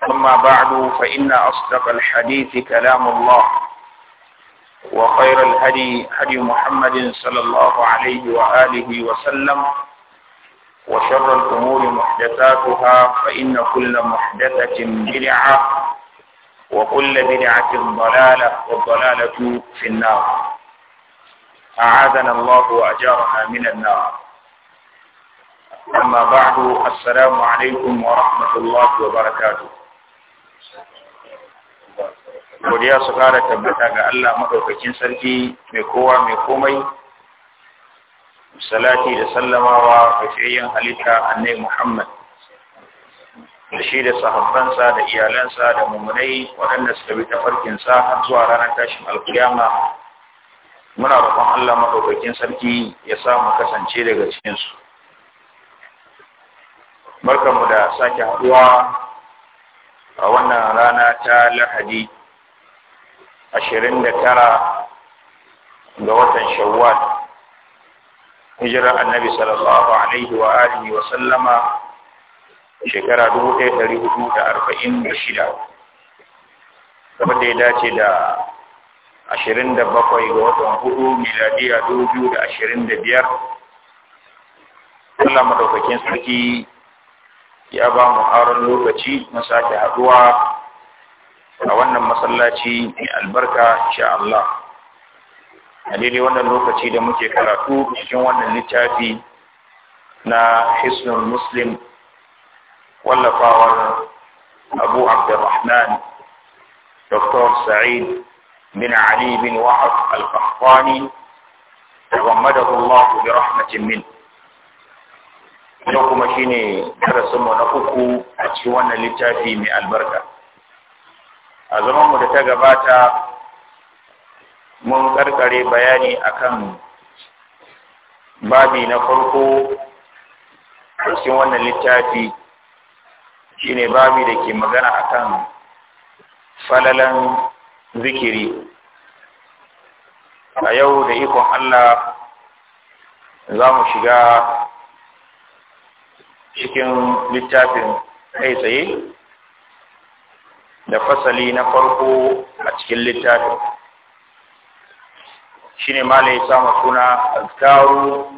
أما بعد فإن أصدق الحديث كلام الله وخير الهدي هدي محمد صلى الله عليه وآله وسلم وشر الأمور محدثاتها فإن كل محدثة بدعة وكل بدعة ضلالة والضلالة في النار أعاذنا الله وأجارنا من النار أما بعد السلام عليكم ورحمة الله وبركاته godiya su kara tabbata ga Allah maɗaukakin sarki mai kowa mai komai salati da sallamawa ga fiyayyen halitta annai Muhammad da shi da sahabbansa da iyalansa da mummunai waɗanda suka bi tafarkinsa har zuwa ranar tashin alkiyama muna roƙon Allah maɗaukakin sarki ya samu kasance daga cikinsu barkanmu da sake haɗuwa a wannan rana ta lahadi ashirin da tara ga watan shawwal hijirar annabi sallallahu alaihi wa alihi wa sallama shekara dubu ɗaya ɗari hudu da arba'in da shida wadda ya dace da ashirin da bakwai ga watan hudu miladiya dubu biyu da ashirin da biyar Allah madaukakin sarki ya ba mu aron lokaci na sake haɗuwa a wannan masallaci mai albarka insha Allah a daidai wannan lokaci da muke karatu cikin wannan littafi na hisnul muslim wallafawar abu abdurrahman dr sa'id bin ali bin wahab al-qahtani تغمده الله برحمة منه yau kuma shine darasinmu na uku a cikin wannan littafi mai albarka a zaman mu da ta gabata mun karkare bayani akan babi na farko cikin wannan littafi shine babi da ke magana akan falalan zikiri a yau da ikon Allah za mu shiga cikin littafin kai tsaye da fasali na farko a cikin littafin shi ne mala ya samu suna azkaru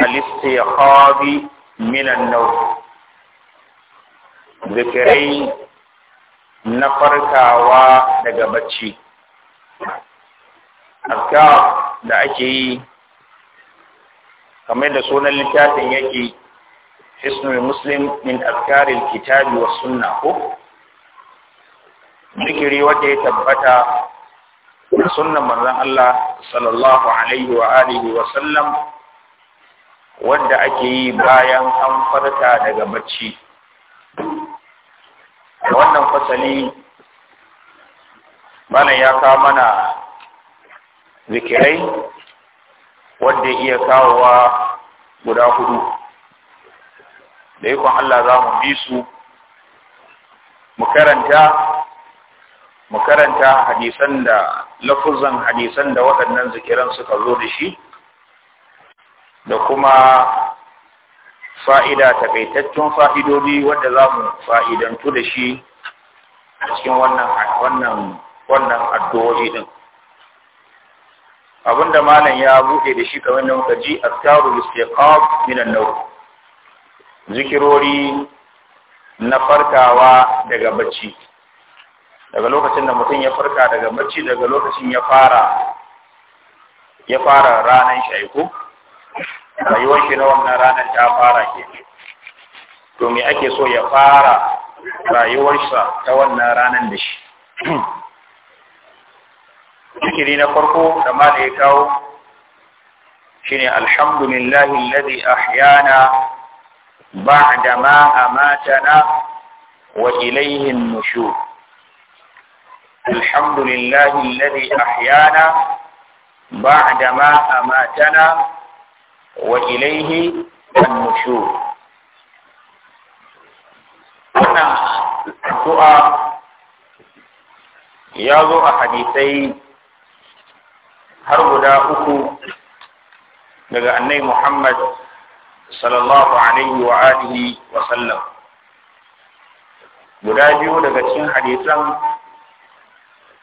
ya istiqabi minan nau zikirai na farkawa daga bacci azkar da ake yi kamar da sunan littafin yake hisnul muslim min azkaril kitabi wa sunna ko zikiri wanda ya tabbata da sunnan manzon Allah sallallahu alaihi wa alihi wa sallam wanda ake yi bayan an farka daga bacci wannan fasali bana ya kawo mana zikirai wanda iya kawowa guda hudu da ikon Allah za mu bi su mu karanta mu karanta hadisan da lafuzan hadisan da waɗannan zikiran suka zo da shi da kuma fa'ida takaitaccen fa'idodi wadda za mu fa'idantu da shi a cikin wannan wannan addu'o'i ɗin abinda malam ya buɗe da shi kamar da muka ji a azkarul istiqaf min an zikirori na farkawa daga bacci daga lokacin da mutum ya farka daga bacci daga lokacin ya fara ya fara ranar shi rayuwar shi na wannan ranar ta fara ke to me ake so ya fara rayuwarsa ta wannan ranar da shi zikiri na farko da ma da ya kawo shine alhamdulillahi alladhi ahyana ba'da ma amatana wa ilayhi an الحمد لله الذي أحيانا بعدما أماتنا وإليه النشور wannan addu'a ya zo a hadisai har guda uku daga annai Muhammad sallallahu wa alihi wa sallam guda biyu daga cikin hadisan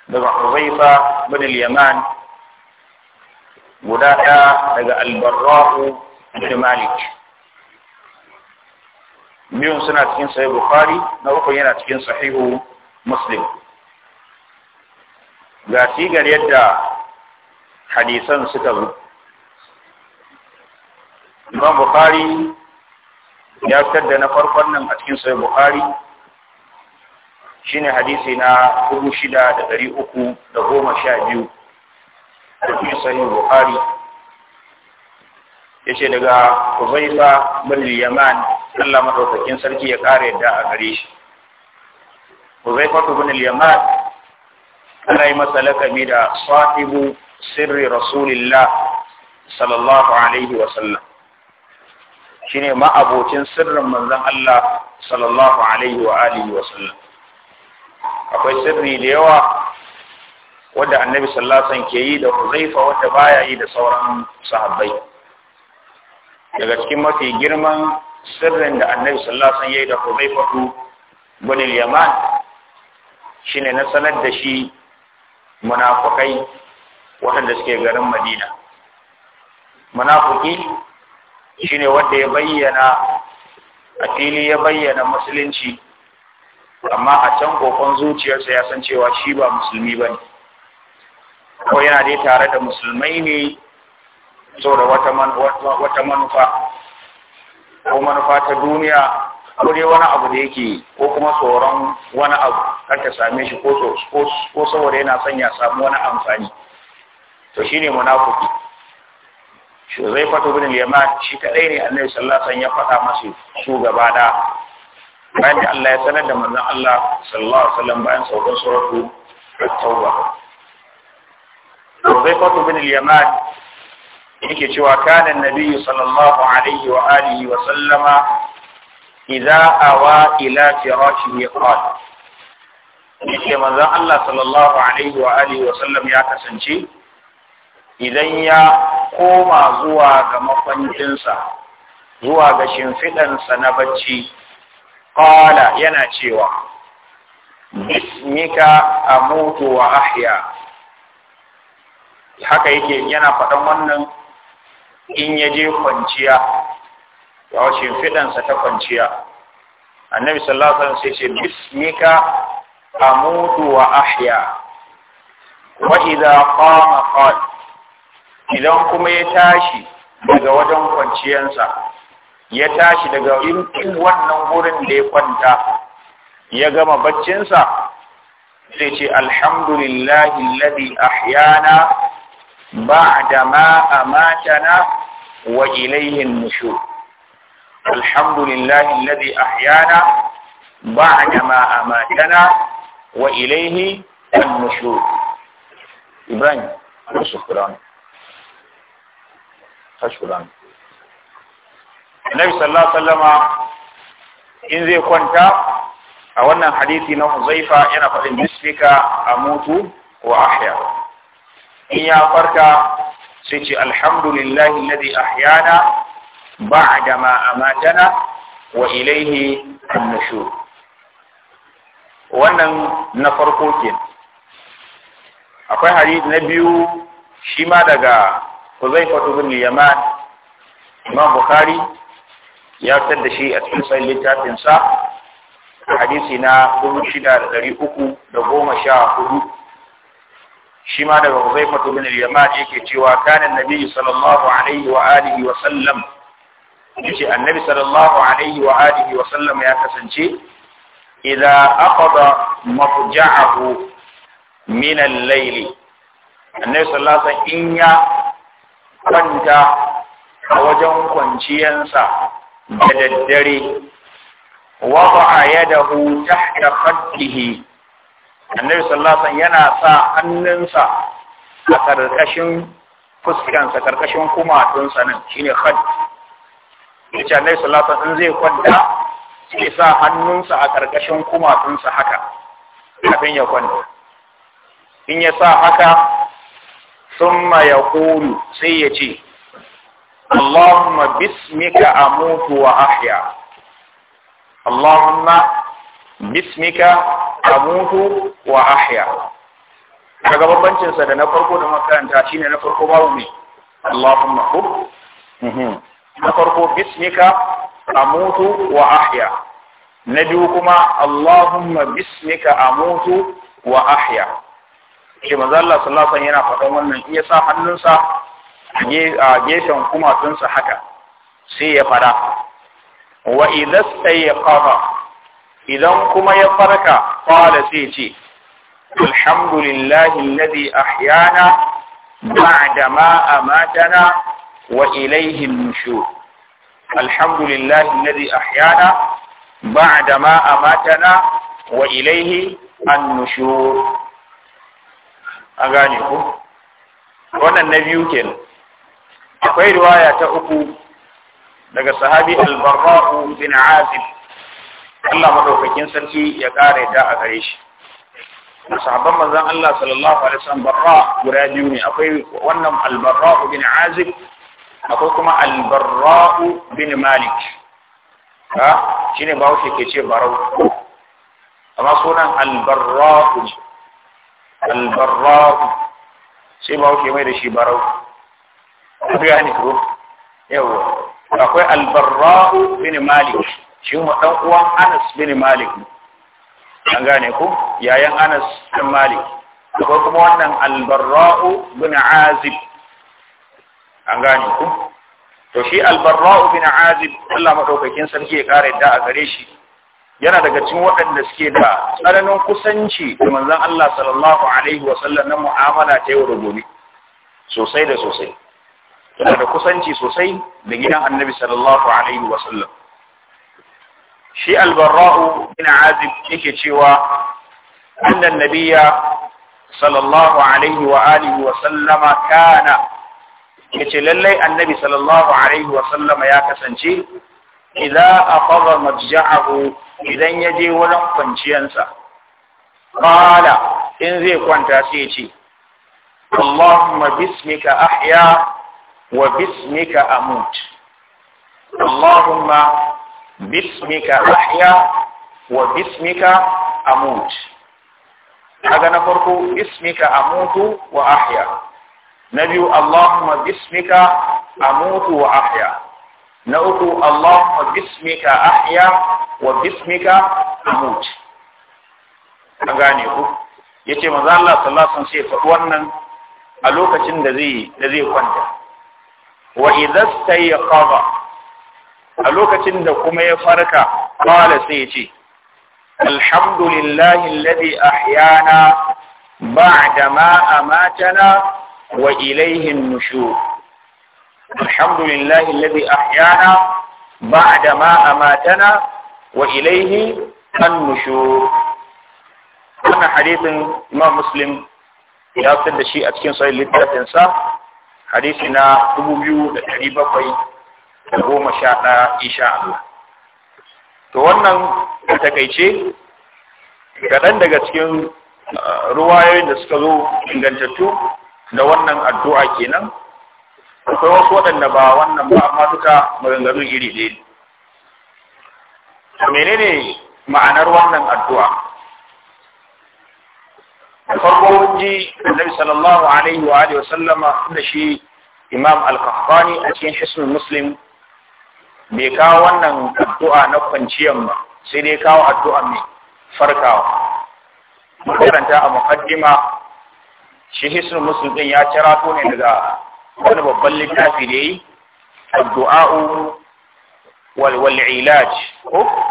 daga Huzaifa bin al guda ɗaya daga Al-Barra'u Malik biyun suna cikin sahihu Bukhari na uku yana cikin sahihu Muslim ga sigar yadda hadisan suka zo Imam Bukhari ya fitar da na farkon nan a cikin sahihu Bukhari ne hadisi na 6312 da fi Buhari. Ya ce daga Kuzaifa bin Yaman Allah madaukakin sarki ya kare da a gare shi Uzaifa bin Yaman ana yi masa lakami da sahibu sirri rasulillah sallallahu alaihi wa sallam shine ma'abocin sirrin manzon Allah sallallahu alaihi wa alihi wa sallam akwai sirri da yawa wadda annabi sallallahu ke yi da Huzaifa wadda baya yi da sauran sahabbai daga cikin mafi girman sirrin da annabi sallallahu alaihi ya yi da Huzaifa bin al-Yaman shine na sanar da shi munafukai waɗanda suke garin Madina munafiki shine wanda ya bayyana a fili ya bayyana musulunci amma a can kokon zuciyarsa ya san cewa shi ba musulmi ba ne ko yana dai tare da musulmai ne saboda wata manufa ko manufa ta duniya ko dai wani abu da yake ko kuma tsoron wani abu ta same shi ko saboda yana son ya samu wani amfani to ne munafuki shi zai fato bin yaman shi kadai ne annabi sallallahu alaihi wasallam ya faɗa masa su da bayan da Allah ya sanar da manzon Allah sallallahu alaihi wasallam bayan sauran suratu at-tauba Hudhayfa bin al-Yaman yake cewa kana an-nabiy sallallahu alaihi wa alihi wa sallama idza awa ila firashihi qala yake manzon Allah sallallahu alaihi wa alihi wa sallam ya kasance idan ya koma zuwa ga makwancinsa zuwa ga shimfiɗansa na bacci qala yana cewa bismika amutu wa ahya haka yake yana faɗan wannan in ya je kwanciya ya wace fidansa ta kwanciya annabi sallallahu alaihi wasallam sai ce bismika amutu wa ahya wa idza qama qala idan kuma ya tashi daga wajen kwanciyansa ya tashi daga irin wannan gurin da ya kwanta ya gama baccinsa sai ce alhamdulillahi alladhi ahyana ba'da ma amatana wa ilayhi an-nushur alhamdulillahi alladhi ahyana ba'da ma amatana wa ilayhi an-nushur ibrahim shukran shukran annabi sallallahu alaihi wasallama in zai kwanta a wannan hadisi na Huzaifa yana faɗin bismika amutu wa ahya in ya farka sai ce alhamdulillahi alladhi ahyana ba'da ma amatana wa ilayhi an-nushur wannan na farko ke akwai hadisi na biyu shi ma daga Huzaifa ibn Yaman Imam Bukhari ya fitar da shi a cikin sai littafin sa hadisi na 6314 shi ma daga Huzaifa ibn al-Yaman yake cewa kana nabi sallallahu alaihi wa alihi wa sallam yace annabi sallallahu alaihi wa alihi wa sallam ya kasance idza aqada mafja'ahu min al-layl annabi sallallahu in ya kwanta a wajen kwanciyansa da daddare wada'a yadahu da fadihi annabi sallasan yana sa hannunsa a karkashin fuskansa karkashin kumatunsa nan fadi ya ce annabi sallasan in zai kwanta sai sa hannunsa a karkashin kumatunsa haka kafin ya kwanta in ya sa haka summa yaqulu sai ya ce اللهم باسمك أموت وأحيا اللهم باسمك أموت وأحيا kaga bambancin sa da na farko da makaranta shine na farko babu me Allahumma hu mhm. na farko bismika amutu wa ahya na biyu kuma Allahumma bismika amutu wa ahya shi manzo Allah sallallahu alaihi wasallam yana faɗan wannan iya sa hannunsa a gefen kumatunsa haka sai ya fara wa idas sai ya fara idan kuma ya farka fara sai ce alhamdulillahi alladhi ahyana ba'da ma amatana wa ilaihin an-nushur alhamdulillahi alladhi ahyana ba'da ma amatana wa ilaihin an nushu. a gane ku wannan na biyu kenan akwai riwaya ta uku daga sahabi albarrau bin azib Allah madaukakin sarki ya kare ta a gare shi sahabban manzon Allah sallallahu alaihi wasallam barra guda biyu ne akwai wannan al bin azib akwai kuma al bin malik ha shine ba wuce ke ce barau amma sunan al-barra'u sai ba wuce mai da shi barau gane ko yawa akwai albarra bin malik shi mu dan uwan Anas bin Malik an gane ku? yayan Anas bin Malik akwai kuma wannan albarra'u bin Azib an gane ku? to shi albarra'u bin Azib Allah madaukakin sarki ya kare da a gare shi yana daga cikin waɗanda suke da tsananin kusanci da manzon Allah sallallahu alaihi wasallam na mu'amala ta yau da gobe sosai da sosai suna da kusanci sosai da gidan annabi sallallahu alaihi shi albarra'u bin azib yake cewa annan nabiyya sallallahu alaihi wa alihi kana yace lallai annabi sallallahu alaihi ya kasance idza aqada majja'ahu idan yaje wurin kwanciyansa qala in zai kwanta sai ya ce Allahumma bismika ahya وباسمك أموت اللهم باسمك أحيا وباسمك أموت هذا نفرق باسمك أموت وأحيا نبي اللهم باسمك أموت وأحيا نأت اللهم باسمك أحيا وباسمك أموت أغانيه yace manzo Allah sallallahu alaihi wasallam sai faɗi wannan a lokacin da zai da zai kwanta wa idza stayqadha a lokacin da kuma ya farka qala sai ya ce alhamdulillahi alladhi ahyana ba'da ma amatana wa ilayhi an-nushur alhamdulillahi alladhi ahyana ba'da ma amatana wa ilaihin an-nushur wannan hadisin Imam Muslim ya fitar da shi a cikin sahih littafinsa hadisi na dubu biyu da ɗari bakwai da goma sha ɗaya isha Allah to wannan takaice kaɗan daga cikin uh, ruwayoyin da suka zo ingantattu da wannan addu'a kenan akwai wasu waɗanda ba wannan ba amma duka maganganun iri ɗaya menene ma'anar wannan addu'a farko ji annabi sallallahu alaihi wa alihi wa da shi imam al-qahtani a cikin hisnul muslim Me kawo wannan addu'a na kwanciyar ba sai dai kawo addu'a mai farkawa karanta a muqaddima shi hisnul muslim din ya kira to ne daga wani babban littafi da yi addu'a'u wal wal ilaj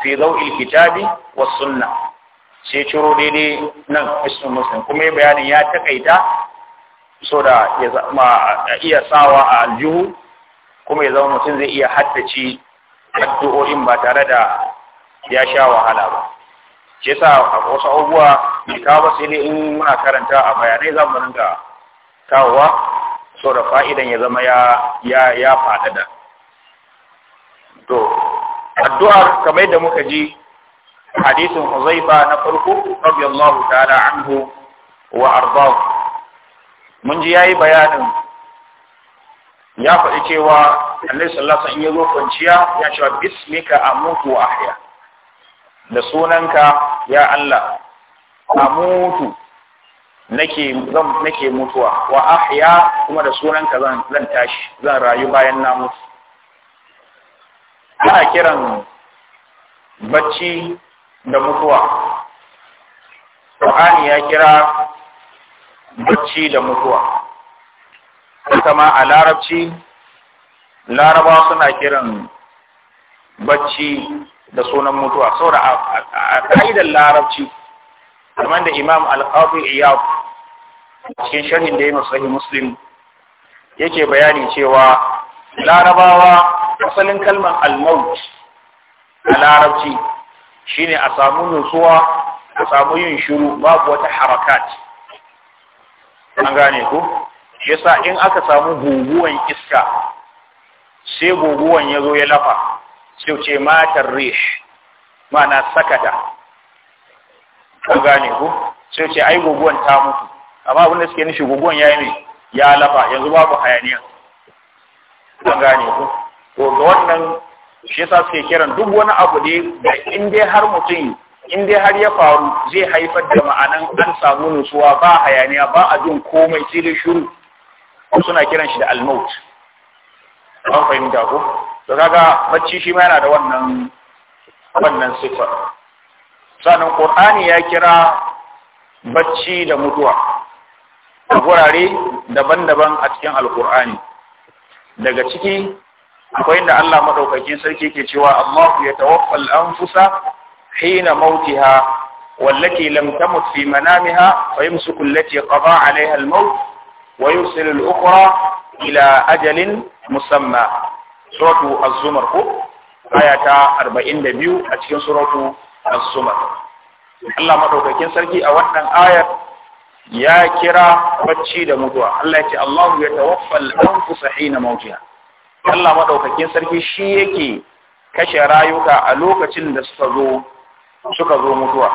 fi dawil kitabi was sunnah sai ciro daidai nan ismin muslim kuma ya bayanin ya takaita so da ya zama iya sawa a aljihu kuma ya zama mutum zai iya haddace addu'o'in ba tare da ya sha wahala ba shi yasa a wasu abubuwa mai kawo sai dai in muna karanta a bayanai za mu rinka kawowa so da fa'idan ya zama ya ya faɗaɗa to addu'a kamar da muka ji hadisin Huzaifa na farko radiyallahu ta'ala anhu wa ardahu mun ji yayi bayanin ya faɗi cewa Annabi sallallahu alaihi wasallam ya zo kwanciya ya ce bismika amutu wa ahya da sunanka ya Allah amutu nake zan nake mutuwa wa ahya kuma da sunanka zan zan tashi zan rayu bayan na mutu ana kiran bacci da mutuwa Qur'ani ya kira bacci da mutuwa kuma a larabci laraba suna kiran bacci da sunan mutuwa saboda a ka'idar larabci kamar da imam al-qadi iyab cikin sharhin da ya sahih muslim yake bayani cewa larabawa asalin kalmar al-maut a larabci shine a samu nutsuwa a samu yin shiru babu wata harakat an gane ku shi yasa in aka samu guguwan iska sai guguwan ya zo ya lafa sai ce matar rish na sakata an gane ku sai ce ai guguwan ta mutu amma abin da suke nishi guguwan ya yi ne ya lafa yanzu babu hayaniya an gane ko ga wannan shi yasa suke kiran duk wani abu ne da in dai har mutum in dai har ya faru zai haifar da ma'anan an samu nutsuwa ba hayaniya ba a jin komai sai shuru shiru suna kiran shi da almaut an fahimta ko to kaga bacci shi ma yana da wannan wannan sifa sannan qur'ani ya kira bacci da mutuwa a gurare daban-daban a cikin alkur'ani daga ciki akwai inda Allah madaukakin sarki ke cewa amma ya tawaffal anfusa hina mautiha wallati lam tamut fi manamiha wa yumsiku allati qada 'alayha al-maut wa yusilu al-ukhra ila ajalin musamma suratu az-zumar ko aya ta 42 a cikin suratu az-zumar Allah madaukakin sarki a wannan ayar ya kira bacci da mutuwa Allah ya ce Allah ya tawaffal anfusa hina mautiha Allah maɗaukakin sarki shi yake kashe rayuka a lokacin da suka zo suka zo mutuwa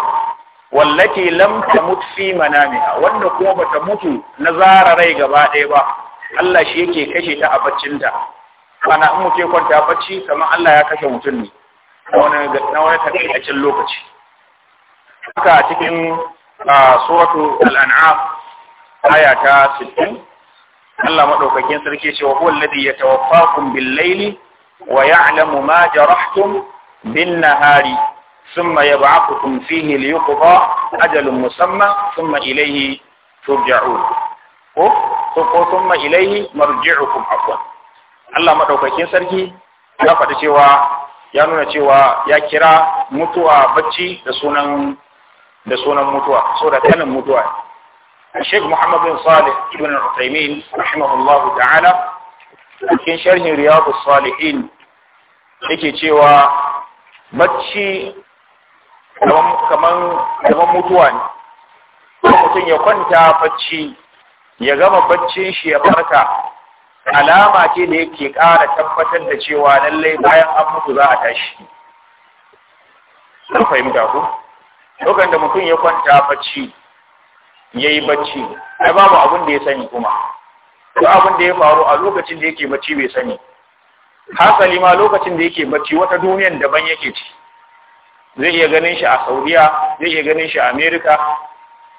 wallake lam mutu fi manamiha wanda kuma bata mutu na zara rai gaba ɗaya ba Allah shi yake kashe ta a baccinta ana in muke kwanta bacci kamar Allah ya kashe mutum ne na wani takaitaccen lokaci haka cikin suratu al-an'am aya ta 60 Allah maɗaukakin sarki ce wa huwa alladhi yatawaffakum bil layli wa ya'lamu ma jarahtum bin nahari thumma yab'athukum fihi liyuqda ajalun musamma thumma ilayhi turja'un ko ko thumma ilayhi marji'ukum afwan Allah maɗaukakin sarki ya faɗi cewa ya nuna cewa ya kira mutuwa bacci da sunan da sunan mutuwa so da kanin mutuwa الشيخ محمد بن صالح بن العثيمين رحمه الله تعالى في شرح riyadu الصالحين yake cewa bacci kaman kaman mutuwa ne kuma mutum ya kwanta bacci ya gama baccin shi ya farka alama ce da yake ƙara tabbatar da cewa lallai bayan an mutu za a tashi kun fahimta ku lokacin da mutum ya kwanta bacci Ya yayi bacci ba babu abin da ya sani kuma ko abin da ya faru a lokacin da yake bacci bai sani hasali ma lokacin da yake bacci wata duniyan daban yake ci zai iya ganin shi a Saudiya zai iya ganin shi a America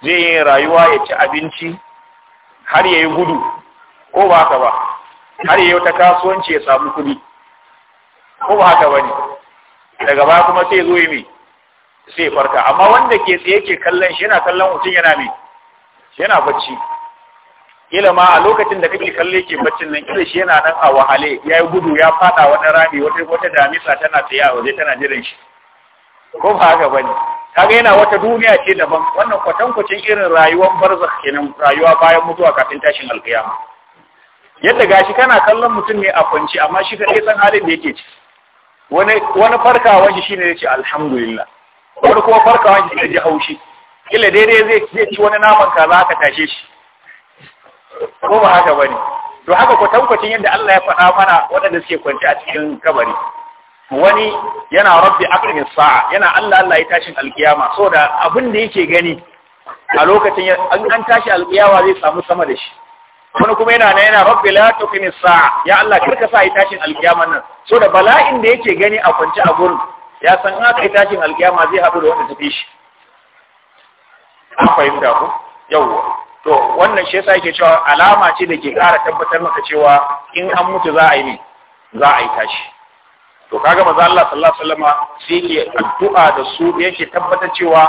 zai yi rayuwa ya ci abinci har ya yi gudu ko ba haka ba har ya yi wata kasuwanci ya samu kuɗi ko ba haka ne? daga baya kuma sai zo yi mai sai farka amma wanda ke tsaye ke kallon shi yana kallon mutum yana mai yana bacci Ila ma a lokacin da kake kalle ke baccin nan ila shi yana nan a wahale ya yi gudu ya fada wani rami wata wata damisa tana tsaye a waje tana jiran shi ko ba haka bane kaga yana wata duniya ce daban wannan kwatankwacin irin rayuwar barzakh kenan rayuwa bayan mutuwa kafin tashin alkiyama yadda gashi kana kallon mutum ne a kwanci amma shi kadai san halin da yake ci wani wani farkawa shi ne yace alhamdulillah wani kuma farkawa shi ne ji haushi kila daidai zai ce ci wani naman kaza aka tashe shi ko ba haka bane to haka ko tankwacin yadda Allah ya faɗa mana waɗanda suke kwanci a cikin kabari wani yana rabbi aqrimis sa'a yana Allah Allah ya tashin alkiyama saboda abin da yake gani a lokacin an tashi alkiyama zai samu sama da shi wani kuma yana nan yana rabbi la tuqimis sa'a ya Allah karka sa yi tashin alkiyama nan so da bala'in da yake gani a kwance a gurin ya san haka yi tashin alkiyama zai haɗu da wanda tafi shi an fahimta ku yawwa to wannan shi yasa yake cewa alama ce da ke ƙara tabbatar maka cewa in an mutu za a yi ne za a yi tashi to kaga maza Allah sallallahu alaihi wasallam sai yake addu'a da su yake tabbatar cewa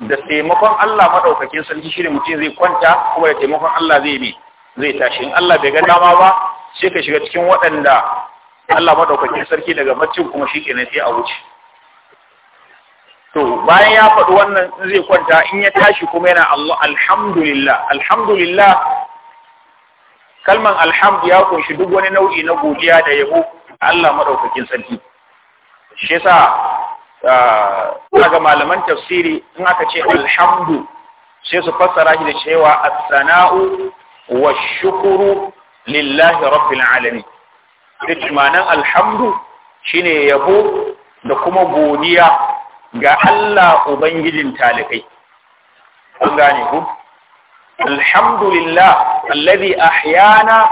da taimakon Allah madaukakin sarki shirin mutum zai kwanta kuma da taimakon Allah zai bi zai tashi in Allah bai ga dama ba sai ka shiga cikin waɗanda Allah madaukakin sarki daga baccin kuma shi shikenan sai a wuce to bayan ya faɗi wannan in zai kwanta in ya tashi kuma yana Allah alhamdulillah alhamdulillah kalman alhamdu ya kunshi duk wani nau'i na godiya da yabo Allah madaukakin sarki shi yasa daga ah, malaman tafsiri in aka ce alhamdu sai su fassara shi da cewa as-sana'u wa shukuru lillahi rabbil alamin duk alhamdu shine yabo da kuma godiya ga Allah Ubangijin talibai. An gane ku? Alhamdulillah, allazi ahyana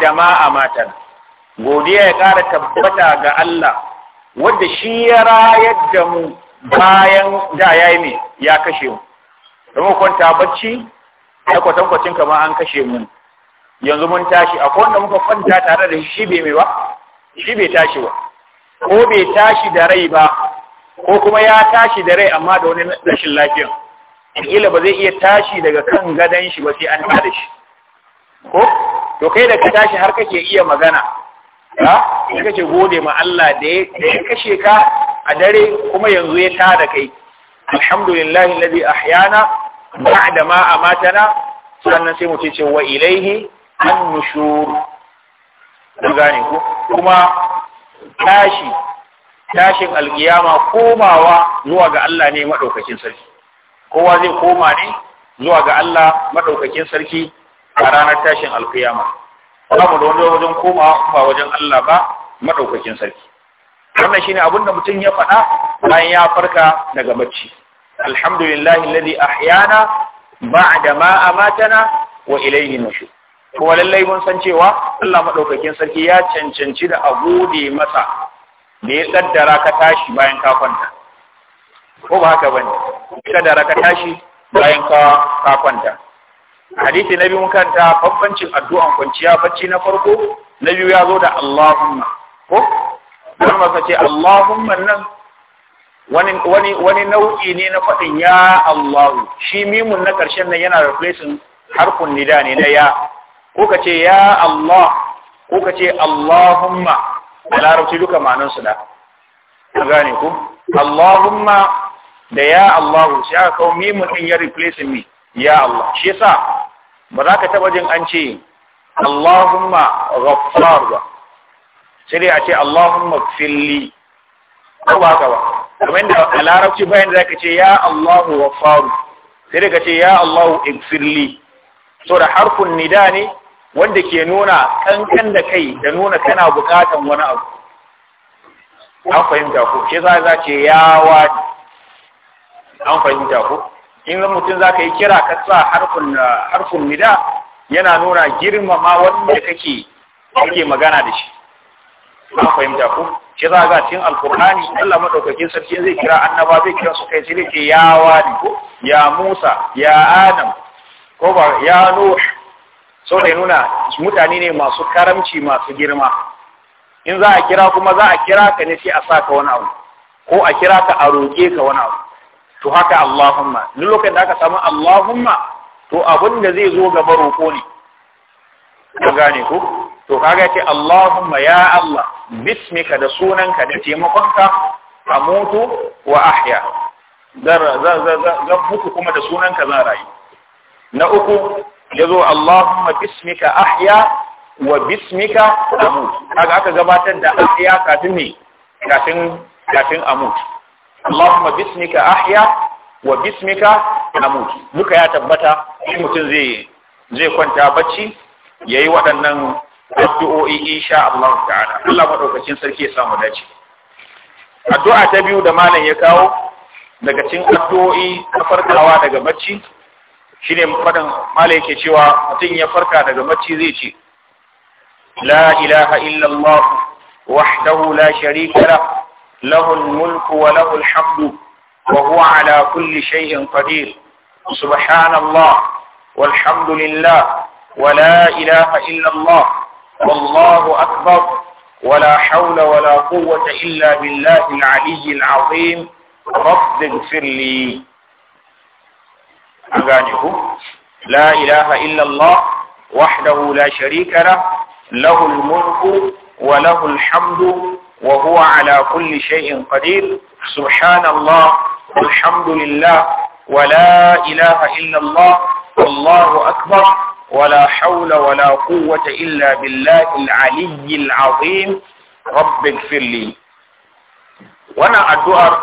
da ma amatan. Godiya ya ƙara tabbata ga Allah, wadda shi ya rayar da mu bayan da ya yi ne ya kashe mu. Domin kwanta bacci, ya kwatankwacin kamar an kashe mu. Yanzu mun tashi, akwai wanda muka kwanta tare da shi bai mai ba? Shi bai tashi ba. Ko bai tashi da rai ba, ko kuma ya tashi da rai amma da wani rashin lafiya kila ba zai iya tashi daga kan gadon shi ba sai an tada shi ko to kai da ka tashi har kake iya magana ha sai kace gode ma Allah da ya kashe ka a dare kuma yanzu ya ta da kai alhamdulillahi alladhi ahyana ba'da ma amatana sannan sai mu ce wa ilaihi an nushur gane ku kuma tashi tashin alkiyama komawa zuwa ga Allah ne madaukakin sarki kowa zai koma ne zuwa ga Allah madaukakin sarki a ranar tashin alkiyama ba mu da wani wajen komawa ba wajen Allah ba madaukakin sarki wannan shine abin da mutum ya faɗa bayan ya farka daga bacci alhamdulillahi alladhi ahyana ba'da ma amatana wa ilayhi nushur kuma lallai mun san cewa Allah madaukakin sarki ya cancanci da a gode masa me ya saddara ka tashi bayan ka kwanta ko ba haka bane saddara ka tashi bayan ka ka kwanta hadisi na biyu mun kanta bambancin addu'an kwanciya bacci na farko na biyu ya zo da Allahumma ko kuma masa ce Allahumma nan wani wani wani nau'i ne na faɗin ya Allah shi mimun na ƙarshen nan yana replacing harfin nida ne na ya ko ka ce ya Allah ko ka ce Allahumma da larabci duka ma'anar su da a gane ku Allahumma da ya Allahu sai aka kawo mimun in ya replace me ya Allah shi yasa ba za ka taba jin an ce Allahumma ghaffar ba sai dai a ce Allahumma filli ko ba ka ba kamar da a larabci bayan da zaka ce ya Allahu ghaffar sai dai ka ce ya Allahu igfirli To da harfun nida ne wanda ke nuna kankan da kai da nuna kana bukatan wani abu an fahimta ko ke za za ce ya wani an fahimta ko in mutum za ka yi kira ka sa harfin nida yana nuna girmama wanda kake kake magana da shi an fahimta ko ke za ga cin alkur'ani Allah madaukakin sarki zai kira annaba zai kira su kai sai ke ya wani ko ya Musa ya Adam ko ba ya nuhu. saboda nuna mutane ne masu karamci masu girma in za a kira kuma za a kira ka ne sai a sa ka wani abu ko a kira ka a roƙe ka wani abu to haka Allahumma duk lokacin da aka samu Allahumma to abin da zai zo gaba roƙo ne ka gane ko to kaga ce Allahumma ya Allah bismika da sunanka da taimakonka a mutu wa ahya zan mutu kuma da sunanka zan rayu na uku ya zo Allahumma bismika ahya wa bismika amut kaga aka gabatar da ahya kafin ne kafin kafin amut Allahumma bismika ahya wa bismika amut duka ya tabbata shi mutum zai zai kwanta bacci yayi waɗannan addu'o'i insha Allah ta'ala Allah madaukakin sarki ya samu dace addu'a ta biyu da malam ya kawo daga cikin addu'o'i na farkawa daga bacci shine fadan mala yake cewa mutun ya farka daga bacci zai ce la ilaha illa Allah wahdahu la sharika lah lahu al-mulku wa lahu al-hamdu wa huwa ala kulli shay'in qadir subhanallah walhamdulillah wa la ilaha illa Allah wallahu akbar ولا حول ولا قوة إلا بالله العلي العظيم رب اغفر لي an gane ku la ilaha illallah wahdahu la sharika la lahul mulku wa lahul hamdu wa huwa ala kulli shay'in qadir subhanallah walhamdulillah wa la ilaha illallah wallahu akbar la حول ولا قوة إلا بالله العلي العظيم رب اغفر لي وانا الدعاء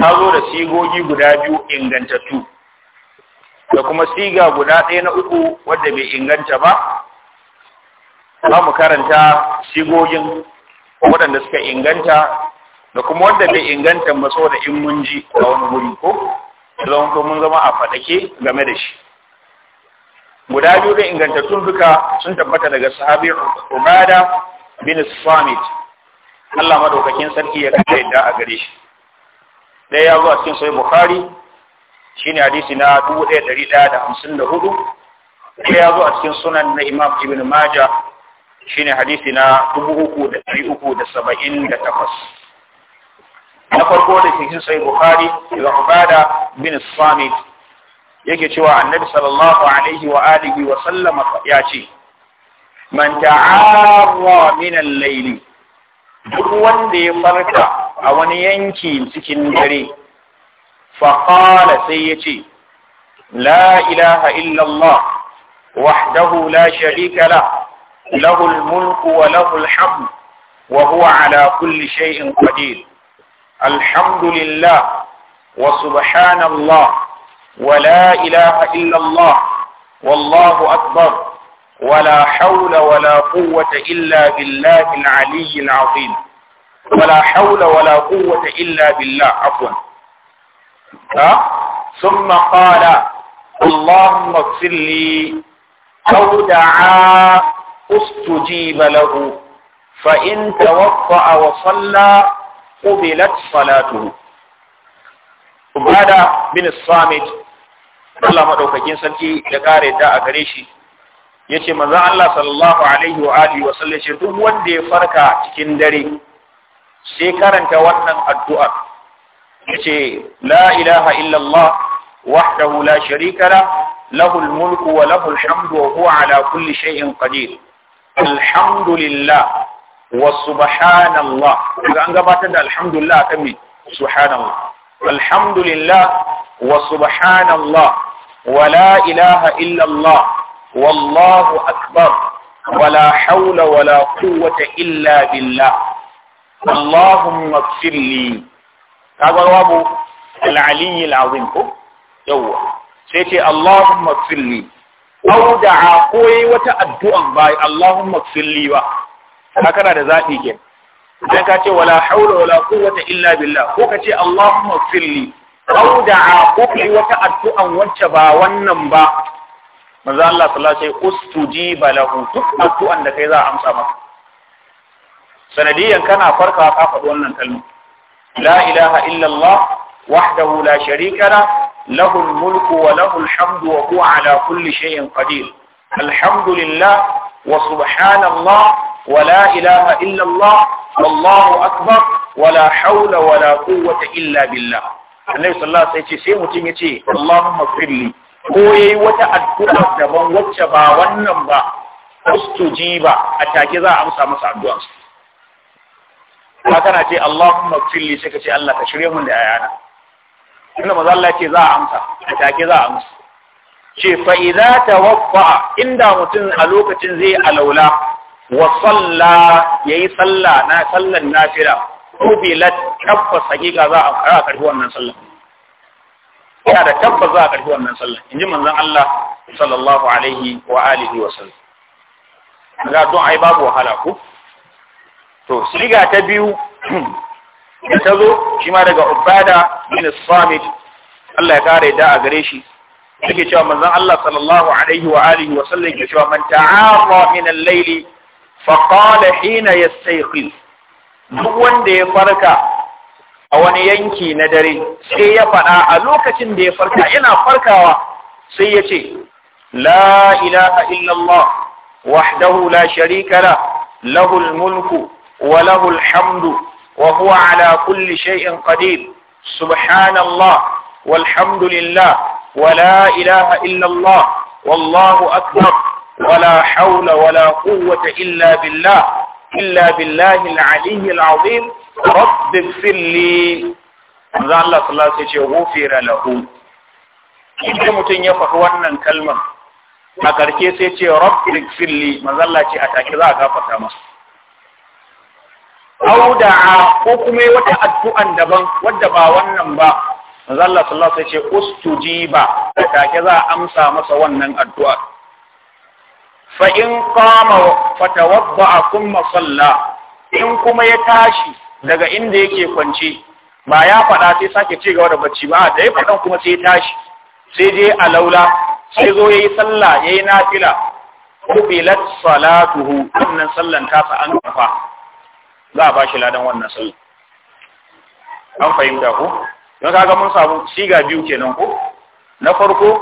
تازو da sigogi guda biyu ingantattu da kuma siga guda ɗaya na uku wadda bai inganta ba za mu karanta sigogin waɗanda suka inganta da kuma wadda bai inganta ba saboda in mun ji a wani guri ko zama ko mun zama a faɗake game da shi guda biyu da ingantattun duka sun tabbata daga sahabi Ubada bin Samit Allah madaukakin sarki ya kada yadda a gare shi ɗaya ya zo a cikin sai Bukhari ne hadisi na 1154 sai ya zo a cikin sunan na Imam Ibn shi ne hadisi na 3378 na farko da cikin sai bukari da Ubada bin Samit yake cewa Annabi sallallahu alaihi wa alihi wa sallama ya ce man ta'arra min al-layli duk wanda ya farka a wani yanki cikin dare فقال سيتي لا إله إلا الله وحده لا شريك له له الملك وله الحمد وهو على كل شيء قدير الحمد لله وسبحان الله ولا إله إلا الله والله أكبر ولا حول ولا قوة إلا بالله العلي العظيم ولا حول ولا قوة إلا بالله عفوا ثم قال اللهم اغفر لي أو دعا استجيب له فإن توضأ وصلى قبلت صلاته عبادة بن الصامت Allah madaukakin sarki ya kare ta a gare shi yace manzon Allah sallallahu alaihi wa alihi wa sallam duk wanda ya farka cikin dare sai karanta wannan addu'ar yace la ilaha illallah wahdahu la sharika la lahu almulku wa lahu alhamdu wa huwa ala kulli shay'in qadir alhamdulillah wa subhanallah an gabatar da alhamdulillah kan me subhanallah alhamdulillah wa subhanallah wa la ilaha wallahu akbar ولا حول ولا قوة إلا بالله اللهم اغفر لي kaga babu al-aliyyi al-azim ko yawa sai ce Allahumma filli aw da'a ko yi wata addu'an bai Allahumma filli ba haka kana da zabi ke Idan ka ce wala haula wala quwwata illa billah ko ka ce Allahumma filli aw da'a ko yi wata addu'an wacce ba wannan ba Maza Allah sallallahu alaihi wasallam ustujiba lahu duk addu'an da kai za a amsa maka sanadiyan kana farkawa ka faɗi wannan kalmar لا إله إلا الله وحده لا شريك له له الملك وله الحمد وهو على كل شيء قدير الحمد لله وسبحان الله ولا إله إلا الله والله أكبر ولا حول ولا قوة إلا بالله النبي صلى الله عليه وسلم سيمو تيمتي اللهم اغفر لي koye wata addu'a daban wacce ba wannan ba ustujiba a take za a amsa masa addu'arsa ba kana ce Allahumma tilli sai ka ce Allah ka shirye mun da ayana inda maza Allah ce za a amsa a take za a amsa ce fa idza tawaffa inda mutum a lokacin zai alaula wa salla yayi salla na sallan nafila ubilat tabbas hakika za a fara karfi wannan sallan yana da tabbas za a karfi wannan sallan inji manzon Allah sallallahu alaihi wa alihi wa sallam ga don ai babu wahala ku? to siga ta biyu da ta zo shi ma daga ubada bin samit Allah ya kare da a gare shi yake cewa manzon Allah sallallahu alaihi wa alihi wa sallam yake cewa man ta'arra min al-layli fa qala hina duk wanda ya farka a wani yanki na dare sai ya faɗa a lokacin da ya farka yana farkawa sai ya ce la ilaha illallah wahdahu la sharika la lahul mulku وله الحمد وهو على كل شيء قدير سبحان الله والحمد لله ولا إله إلا الله والله أكبر ولا حول ولا قوة إلا بالله إلا بالله العلي العظيم رب اغفر لي ذال الله صلى الله عليه وغفر له كيف متن يفق ورنا الكلمة أكركي سيتي رب اغفر لي ما ذال الله أتاكي ذا غفر auda'a ko kuma wata addu'an daban wadda ba wannan ba manzo Allah sallallahu alaihi wasallam ce ustujiba da take za a amsa masa wannan addu'a fa in qama a kuma salla in kuma ya tashi daga inda yake kwance ba ya faɗa sai sake ci gaba da bacci ba da ya faɗan kuma sai tashi sai je a laula sai zo yayi sallah yayi nafila kubilat salatuhu wannan sallan ta sa an kafa za a bashi ladan wannan sallah an fahimta ko don kaga mun samu siga biyu kenan ku? na farko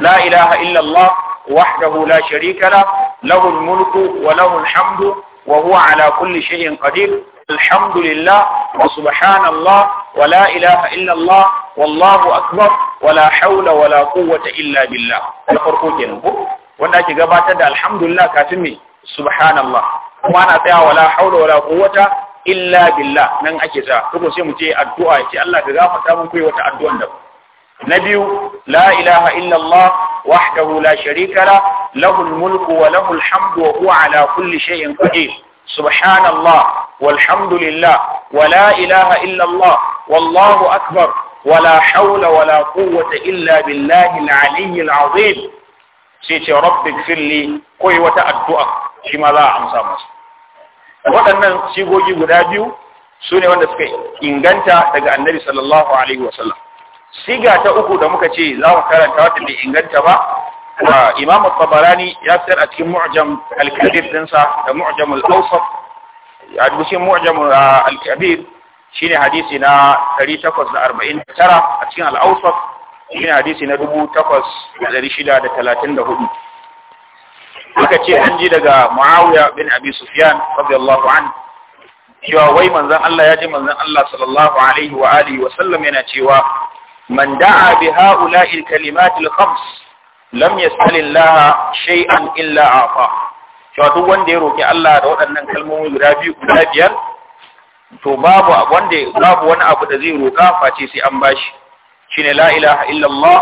la ilaha illallah wahdahu la sharika la lahul mulku wa lahul hamdu wa huwa ala kulli shay'in qadir alhamdulillah wa subhanallah wa la ilaha illallah wallahu akbar wa la hawla wa la quwwata illa billah na farko kenan ku? wanda ake gabatar da alhamdulillah kafin me subhanallah kuma ana tsaya wala haula wala quwwata illa billah nan ake tsaya kuma sai mu ce addu'a ce Allah ka gafarta mun kai wata addu'an da na biyu la ilaha illa Allah wahdahu la sharika la lahu mulku wa lahu alhamdu wa huwa ala kulli shay'in qadir subhanallah walhamdulillah wa la ilaha illa Allah wallahu akbar ولا حول ولا قوة إلا بالله العلي العظيم sai ce rabbi firli koyi wata addu'a shi ma za a amsa masa waɗannan sigogi guda biyu su ne wanda suka inganta daga annabi sallallahu alaihi wasallam siga ta uku da muka ce za mu karanta wata bai inganta ba Wa imam tabarani ya sayar a cikin mu'jam al-kabir dinsa da mu'jam al-awsat a cikin mu'jam al-kabir ne hadisi na 849 a cikin al Shi ne hadisi na 8634 aka ce an ji daga Muawiya bin Abi Sufyan radiyallahu anhu cewa wai manzon Allah ya ji manzon Allah sallallahu alaihi wa alihi wa sallam yana cewa man da'a bi ha'ula'i al-kalimat al-khams lam yas'alillah shay'an illa afa cewa duk wanda ya roki Allah da waɗannan kalmomi guda biyu guda biyar to babu wanda babu wani abu da zai roka face sai an bashi shine la ilaha illallah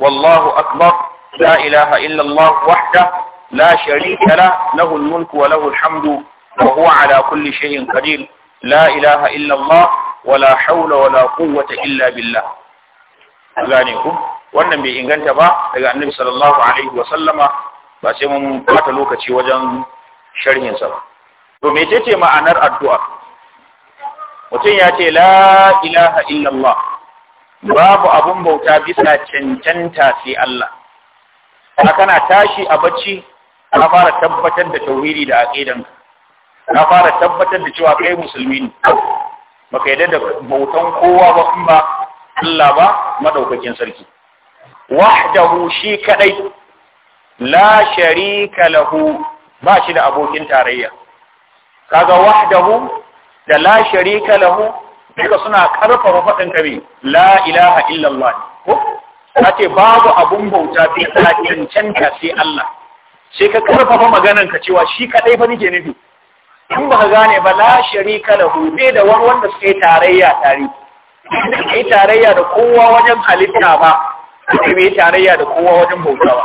wallahu akbar la ilaha illallah wahdahu لا شريك له له الملك وله الحمد وهو على كل شيء قدير لا إله إلا الله ولا حول ولا قوة إلا بالله wannan bai inganta ba daga annabi sallallahu alaihi wa sallama ba sai mun bata lokaci wajen sharhin sa ba to mecece ma'anar addu'a mutum ya ce la ilaha illallah babu abun bauta bisa cancanta sai Allah kana tashi a bacci Na fara tabbatar da tauhidi da aqidan Na fara tabbatar da cewa kai musulmi ne baka yadda da bautan kowa ba kuma Allah ba madaukakin sarki wahdahu shi kadai la sharika lahu ba shi da abokin tarayya kaga wahdahu da la sharika lahu duka suna karfafa fadin kabi la ilaha illallah ko kace babu abun bauta fi tsakin canta sai Allah sai ka karfafa maganan ka cewa shi kadai fa nake nufi in ba ka gane ba la sharika lahu bai da wani wanda suka yi tarayya tare bai tarayya da kowa wajen halitta ba bai mai tarayya da kowa wajen bauta ba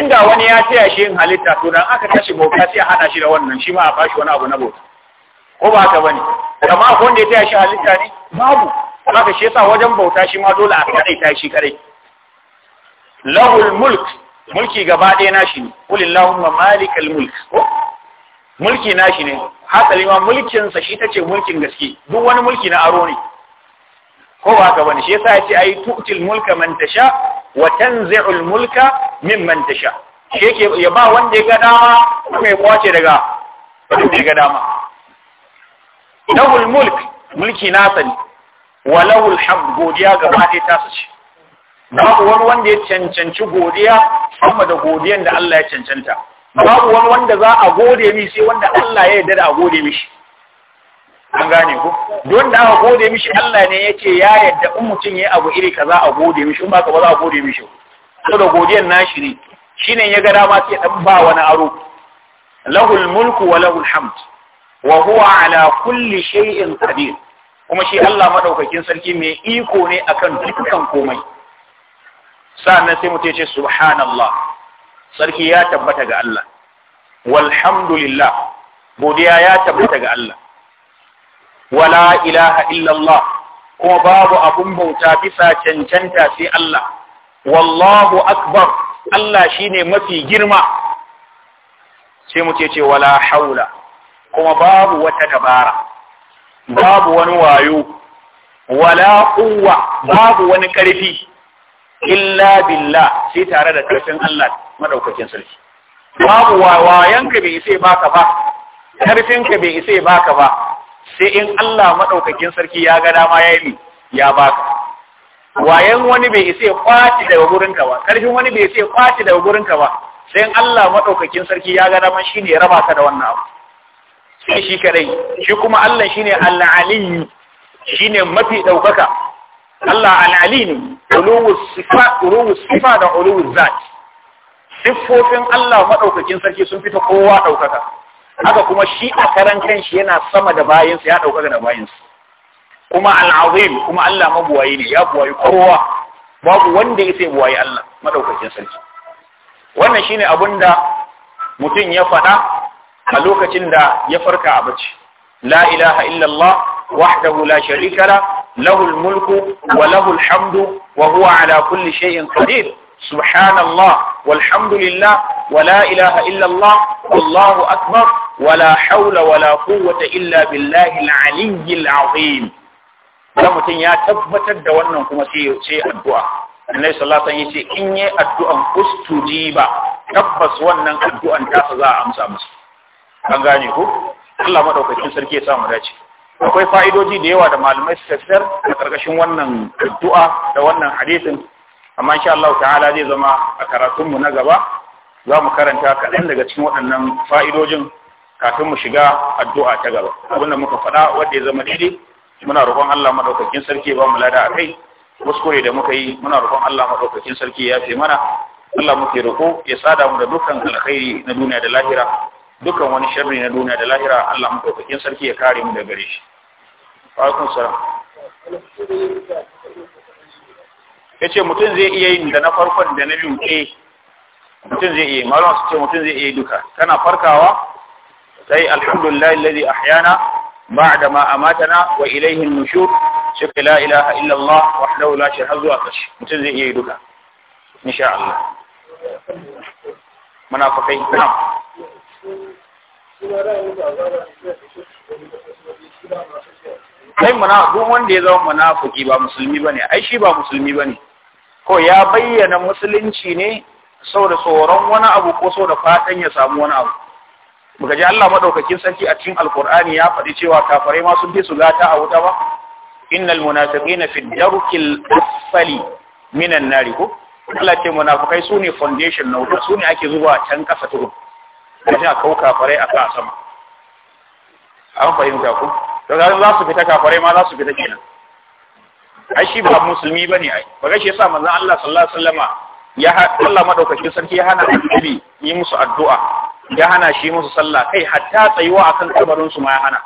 inda wani ya taya shi yin halitta to dan aka tashi bauta sai a hada shi da wannan shi ma a bashi wani abu na bauta ko ba haka bane amma akwai wanda ya taya shi halitta ne babu haka shi yasa wajen bauta shi ma dole a kadai ta shi kadai lahul mulk mulki gaba ɗaya nashi ne kulillahumma malikal mulk mulki nashi ne haka ma mulkin sa shi tace mulkin gaske duk wani mulki na aro ne ko ba ka bane shi yasa yace ayi tu'til mulka man tasha wa tanzi'ul mulka mimman tasha shi yake ya ba wanda ya ga dama kuma ya kwace daga wanda ya ga dama lahul mulk mulki nasa ne wa lahul hamd godiya gaba ɗaya ta babu wani wanda ya cancanci godiya amma da godiyan da Allah ya cancanta babu wani wanda za a gode mi sai wanda Allah ya yarda da a gode mishi an gane ku don da aka gode mishi Allah ne yace ya yarda in mutum yayi abu iri kaza a gode mishi in ba ka ba za a gode mishi da godiyan nashi ne shine ya ga dama sai dan ba wani aro lahul mulku wa lahul hamd wa huwa ala kulli shay'in qadir kuma shi Allah madaukakin sarki mai iko ne akan dukkan komai sa'annan sai mutum ya ce subhanallah sarki ya tabbata ga Allah walhamdulillah godiya ya tabbata ga Allah wala ilaha illallah kuma babu abun bauta bisa cancanta sai Allah wallahu akbar Allah shine mafi girma sai muke ce wala haula kuma babu wata dabara babu wani wayo wala uwa. babu wani karfi illa billah sai tare da ƙarshen Allah madaukakin sarki babu wayanka bai isa baka ba ka bai isa baka ba sai in Allah madaukakin sarki ya ga dama ya yi ya baka wayan wani bai isa kwaci daga gurinka ba Ƙarfin wani bai isa kwaci daga gurinka ba sai in Allah madaukakin sarki ya ga dama shine ya raba ka da wannan abu sai shi kadai shi kuma Allah shine al shi shine mafi daukaka Allah al'ali ne uluwus sifa da uluwus zat, siffofin Allah maɗaukakin sarki sun fita kowa ɗaukaka haka kuma shi a karan kanshi yana sama da bayansa ya ɗaukaka da bayansa kuma al'azim kuma Allah mabuwayi ne ya buwayi kowa babu wanda ya sai buwayi Allah maɗaukakin sarki wannan shine abin da mutum ya faɗa a lokacin da ya farka a bacci la ilaha illallah wahdahu la sharika la lahul mulku wa lahul hamdu wa huwa ala kulli shay'in qadir subhanallah walhamdulillah wa la ilaha illa Allah wallahu akbar wala la hawla wa illa billahi al-aliyyil azim mutum ya tabbatar da wannan kuma sai ya ce addu'a annabi sallallahu alaihi wasallam in yi addu'an ustujiba tabbas wannan addu'an ta za a amsa musu an gane ko Allah madaukakin sarki ya sa mu dace akwai fa'idoji da yawa da malamai su fitar da karkashin wannan addu'a da wannan hadisin amma insha Allah ta'ala zai zama a karatunmu na gaba za mu karanta kaɗan daga cikin waɗannan fa'idojin kafin mu shiga addu'a ta gaba abinda muka faɗa wanda ya zama daidai muna roƙon Allah maɗaukakin sarki ba mu lada a kai kuskure da muka yi muna roƙon Allah maɗaukakin sarki ya fi mana Allah muke roƙo ya sada mu da dukkan alkhairi na duniya da lahira dukan wani sharri na duniya da lahira Allah madaukakin sarki ya kare mu da gare shi alaikum salam yace mutum zai iya yin da na farkon da na biyu eh mutum zai iya malama su ce mutum zai iya duka kana farkawa sai alhamdulillah alladhi ahyana ba'da ma amatana wa ilaihin an-nushur shirka la ilaha illa Allah wahdahu shi har zuwa kashi mutum zai iya duka insha Allah Muna munafikai na'am kai mana duk wanda ya zama munafiki ba musulmi bane ai shi ba musulmi bane ko ya bayyana musulunci ne saboda tsoron wani abu ko saboda fatan ya samu wani abu muka ji Allah madaukakin sarki a cikin alkur'ani ya faɗi cewa kafirai ma sun fi su gata a wuta ba innal munafiqina fi darkil asfali minan nari ko Allah ce munafikai sune foundation na wuta sune ake zuba can kasa tukun da shi a kawo kafarai a sa sama an fahimta ku da za su fita kafarai ma za su fita kenan ai shi ba musulmi bane ai ba ga shi yasa manzon Allah sallallahu alaihi wasallama ya Allah madaukakin sarki ya hana annabi yi musu addu'a ya hana shi musu sallah kai hatta tsayuwa akan kabarin su ma ya hana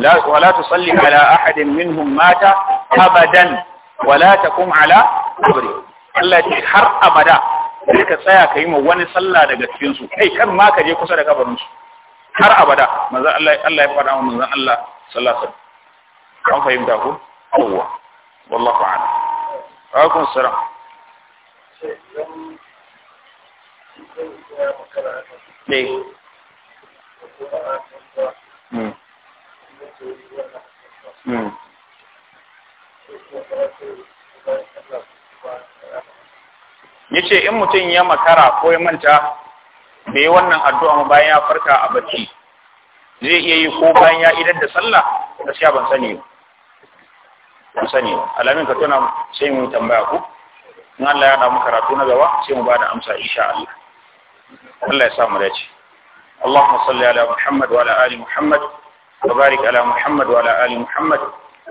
la wala tusalli ala ahadin minhum mata abadan wala taqum ala qabri Allah ya har abada sai ka tsaya ka yi ma wani sallah daga cikin su kai kan ma ka je kusa da kabarin su har abada manzon Allah Allah ya fara wa Allah sallallahu alaihi wasallam an fahimta ku awwa wallahu a'lam wa alaikum assalam ne eh. Mm. Mm. ce in mutum ya makara ko ya manta da yi wannan addu'a bayan ya farka a bacci zai iya yi ko bayan ya idar da sallah gaskiya ban sani ban sani alamin ka tuna sai mu tambaya ku in Allah ya da mu karatu na gaba sai mu bada amsa insha Allah Allah ya sa mu dace Allahumma salli ala Muhammad wa ala ali Muhammad wa barik ala Muhammad wa ala ali Muhammad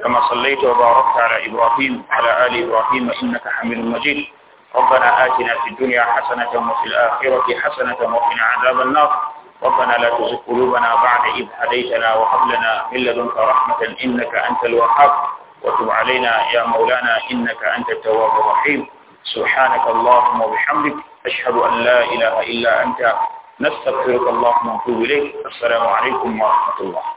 wa barakta ala Ibrahim, wa ala ali Ibrahim innaka hamidun majid ربنا آتنا في الدنيا حسنة وفي الآخرة حسنة وقنا عذاب النار ربنا لا تزغ قلوبنا بعد إذ هديتنا وهب لنا من لدنك رحمة إنك أنت الوهاب وتب علينا يا مولانا إنك أنت التواب الرحيم سبحانك اللهم وبحمدك أشهد أن لا إله إلا أنت نستغفرك اللهم ونتوب إليك السلام عليكم ورحمة الله